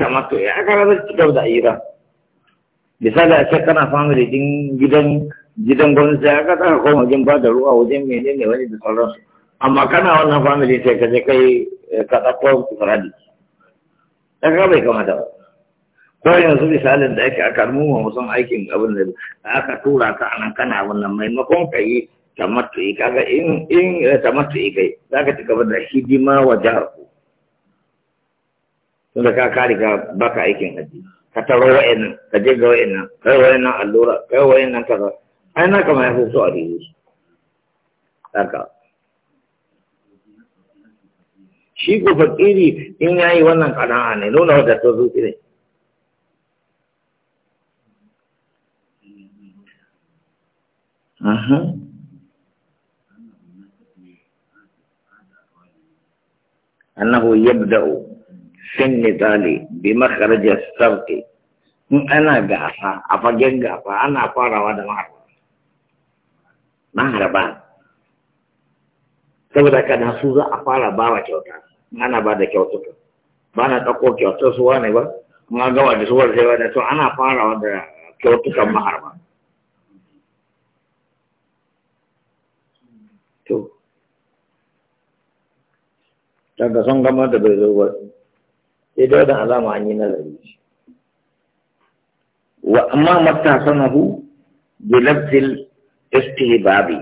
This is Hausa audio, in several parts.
kamar to ya kara zai ci gaba da ayyuka misali a ce kana da din gidan gidan gwamnati sai aka tsaka koma wajen ba da ruwa wajen mene ne wani da sauransu amma kana wannan family sai ka je kai ka ɗauko kusuradi ga bai kamata ba ko yanzu misalin da ake aka nuna musan aikin abin da aka tura ka nan, kana abin nan maimakon ka yi tamattu kaga in in tamattu kai zaka ci gaba da hidima wa jihar ku tun da ka kare ka baka aikin haji ka taro wa'annan ka je ga nan kai nan allura kai nan kaza ai na kama ya fi so a rihu su haka shi ko fakiri in yayi wannan kana'a ne nuna wadda ta zuci ne Aha. Annahu yabda'u sin misali bi makarajar sarki in ana gasa a fagen gasa ana farawa da maharba maharba saboda kada su za a fara ba wa kyauta ana ba da kyautuka ba na ɗauko kyautar suwa ne ba kuma gawa da suwar sai wani to ana farawa da kyautukan maharba to daga sun gama da bai zo ba sai dai da alama an yi nazari wa amma mattasanahu bi lafzil istihbabi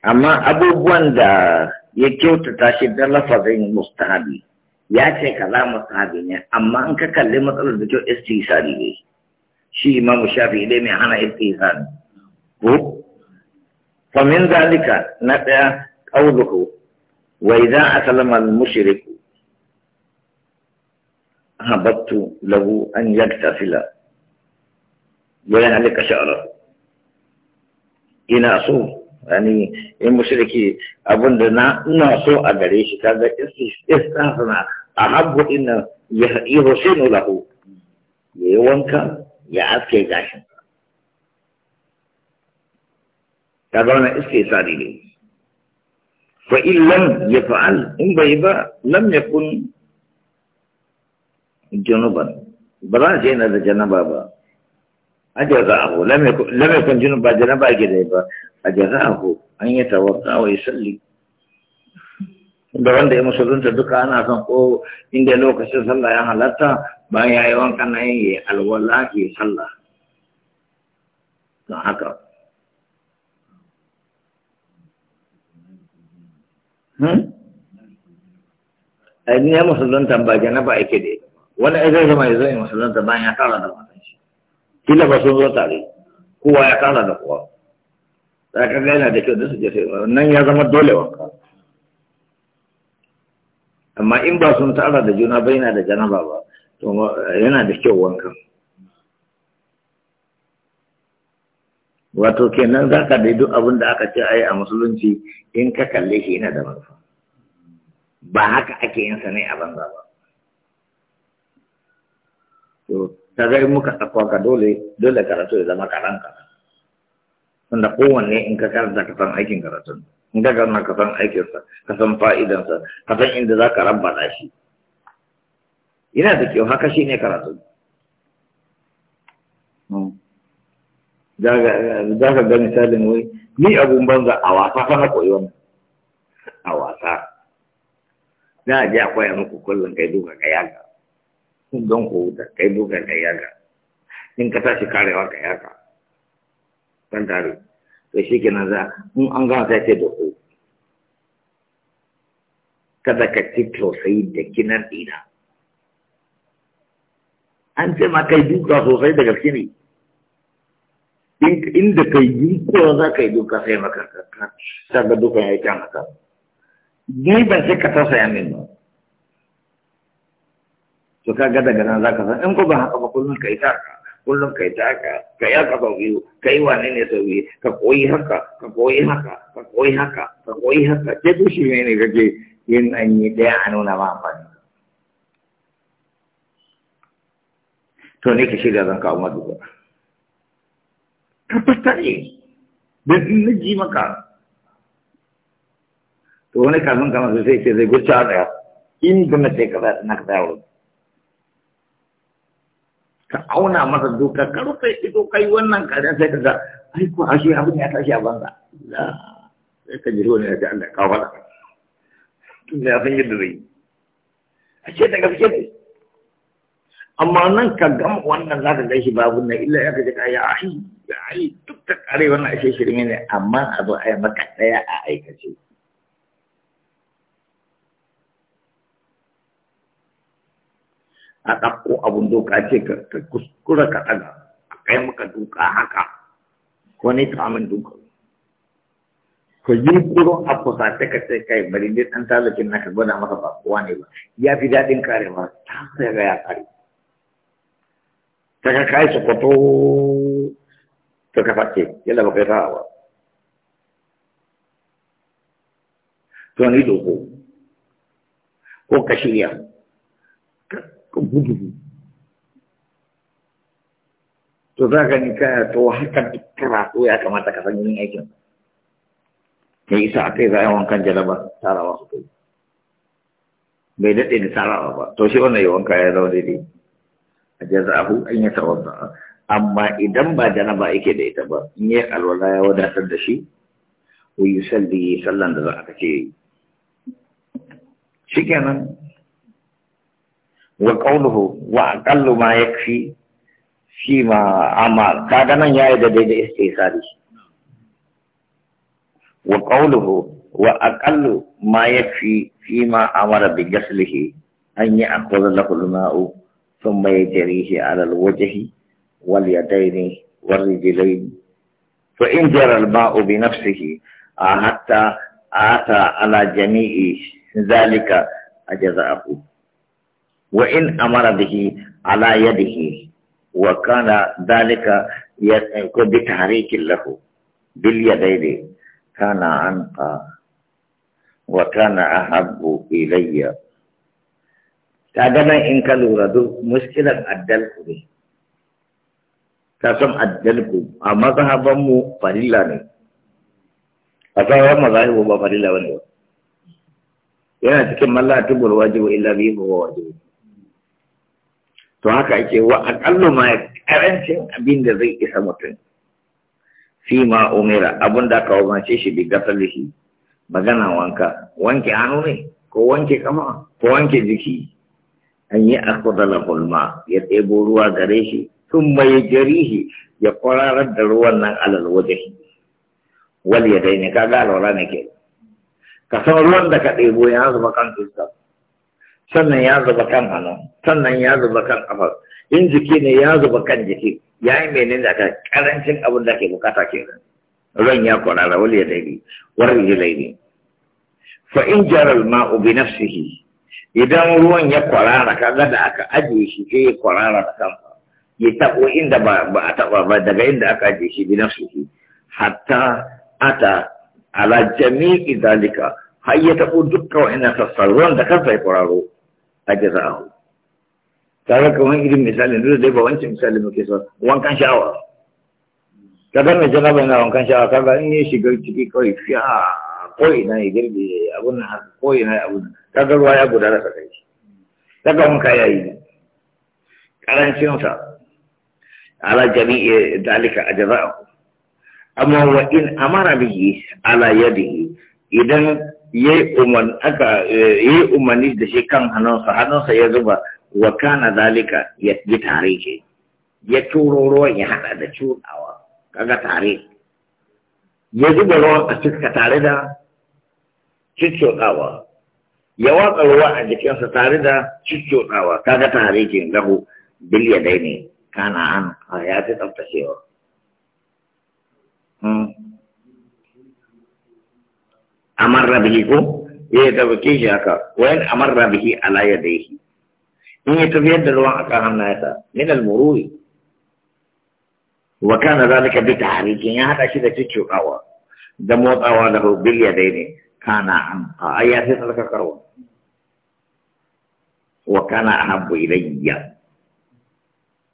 amma abubuwan da ya kyautata shi da lafazin mustahabi ya ce kaza mustahabi ne amma in ka kalli matsalar da kyau istihsari ne shi imamu shafi dai mai hana istihsari ko fa min zalika na daya qawluhu wa idza aslama al-mushriku أهبطت له أن يغتسل وينعلق شعره ina so yani in mushriki abin da na ina so a gare shi ta ga istihsana a habbu inna ya husinu lahu ya yi wanka ya aske gashin kaga wannan istihsani ne fa illam yaf'al in bai ba lam yakun junuban ba za a ce yana da janaba ba A أجزاءه ke da لم يكن جنبا جنبا an yi أن يتوضأ ويصلي da wanda ya musulunta duka ana son ko inda lokacin sallah ya halatta ba ya yi wanka na yin ya alwala ke sallah don haka hmm? ya musulunta ba janaba ake da wani ai zai zama ya zai in musulunta bayan ya tara da matan shi kila ba sun zo tare kowa ya tara da kowa za ka gaina yana da kyau da su jefe nan ya zama dole wanka amma in ba sun tara da juna ba yana da janaba ba to yana da kyau wanka. wato kenan za ka daidu duk abin da aka ce ai a musulunci in ka kalle shi yana da manufa ba haka ake yin sa ne a banza ba to kaga in muka sako ka dole dole karatu ya zama karan karan tunda kowanne in ka karanta ka san aikin karatun in ka gana ka san aikinsa ka san fa'idansa ka san inda za ka da shi Ina da kyau haka shi ne karatu hmm. za ka ga misalin wai ni abun banza a wasa fa na koyi a wasa za a je a koya muku kullum kai duka ka yaga don ku huta kai buga ka yaga in ka tashi karewa ka yaga kan tare to shi kenan za in an gama sai ce da ku kada ka ci tausayi da kinan dina an ce ma kai duka sosai da gaske ne inda kai yunkuwa za ka yi duka sai maka ka ga dukan ya yi can haka ni ban sai ka tausaya min ba to kaga daga nan zaka san in ko ba haka ba kullum kai ta kullum kai ta ka ka yi ka sau biyu kai wa ne sau biyu ka koyi haka ka koyi haka ka koyi haka ka koyi haka ke to shi ne kake yin an yi daya a nuna ma amfani to ne ka shiga zan kawo ba ka tattare don in na ji maka to wani kafin kama sai ce zai gurce a tsaya in da na ka kaza na ka tsaya wuri ka auna masa duka ka rufe ido kai wannan karen sai ka ga ai ko ashe abin ya tashi a banza sai ka ji wani ya ji Allah ka faɗa tun da ya san yadda zai ashe daga fice ne amma nan ka gama wannan za ka gaishe babu na illa ya kaje kaya ai ai duk ta kare wannan ashe shirme ne amma a zo a yi maka daya a aikace a ɗauko abun doka ce ka kuskura ka ɗaga a kai maka duka haka ko ne ta amin duka ko yi kuro a kusa ta ka ce kai bari ne ɗan talakin na ka gwada masa ba kowa ne ba ya fi daɗin karewa ta sai ga ya kare ta ka kai sokoto ta ka fake yadda ba kai ta hawa to ni doko ko ka shirya gudu to za ka ni kaya to haka duk karatu ya kamata ka san yin aikin ya yi a aka za a yi wankan jalaba tarawa su kai bai daɗe da tarawa ba to shi wannan yi wanka ya zama daidai a jaza'ahu an yi tawadda amma idan ba janaba yake da ita ba in yi alwala ya wadatar da shi wa yusalli sallan da za a shi shikenan وقوله وأقل ما يكفي فيما أمر كاغنا يا ديد استيساري وقوله وأقل ما يكفي فيما أمر بغسله أن يأخذ له الماء ثم يجريه على الوجه واليدين والرجلين فإن جرى الماء بنفسه آه، حتى آتى على جميع ذلك أجزأه wa in amara bihi ala yadihi wa kana dalika ko bi tahrikin lahu bil yadaini kana anqa wa kana ahabbu ilayya kaga in ka lura duk addal addalku ne ka san addalku a mazhabanmu farilla ne a sauran mazahibu ba farilla bane ba yana cikin mallatu bulwajibu illa bihi wa wajibu to haka ake wa aƙalla ma ƙarancin abin da zai isa mutum fi ma umira abin da aka umarce shi bi gasalihi magana wanka wanke hannu ne ko wanke kama ko wanke jiki an yi akwadala hulma ya ɗebo ruwa gare shi sun mai jarihi ya kwararar da ruwan nan alal waje wal ya daina ka kaga alwala ne ke ka san ruwan da ka ɗebo ya zuba kan fuskar sannan ya zuba kan hannu sannan ya zuba kan kafa in jiki ne ya zuba kan jiki ya yi menene da ka karancin abin da ke bukata ke nan ran ya da wal ya daidai wari ya daidai fa in jaral ma'u bi nafsihi idan ruwan ya kwarara kaga da aka ajiye shi ke ya kwarara da kansa ya tabo inda ba a taba ba daga inda aka ajiye shi bi nafsihi hatta ata ala jami'i dalika har ya tabo dukkan wa'annan sassan ruwan da kansa ya kwararo tare kaga kamar irin misali duk dai ba wancan misali muke so wankan sha'awa kaga mai janaba na wankan sha'awa ga in ya shiga ciki kawai fiya ko ina ya girbe abun haka, ko ina ya abun ga ruwa ya gudana ka kai ga wanka ya ne karancin sa ala jami'i dalika ajza'ahu amma wa in amara bihi ala yadihi idan ya yi umarni da shi kan hannunsa hannunsa ya zuba wa kana zalika ya yi tare ke ya turo ruwan ya hada da cuɗawa kaga tare ya zuba ruwan a cikin tare da cicciɗawa ya watsa ruwa a jikinsa tare da cicciɗawa kaga tare ke gahu bil ya daine kana an ya fi tsaftacewa أمر به كو يتبكيش إيه أكا وين أمر به على يديه إن يتبيد الوان أكا هنا من المروي وكان ذلك بتحريك يعني هذا شيء تشو قوى دموت أواله باليدين كان عنقا أيات لك كروا وكان أحب إلي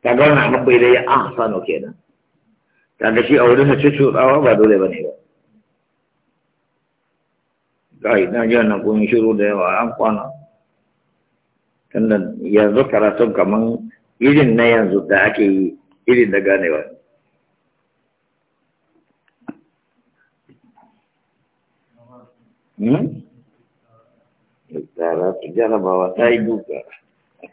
تقول أحب إلي أحسن كده كان شيء أولها تشو قوا بدولي بني بقى kai na ji wannan kun shiru da yawa an kwana tunda yanzu karatun kaman irin na yanzu da ake yi irin da ganewa Hmm? Jarabawa ta yi duka.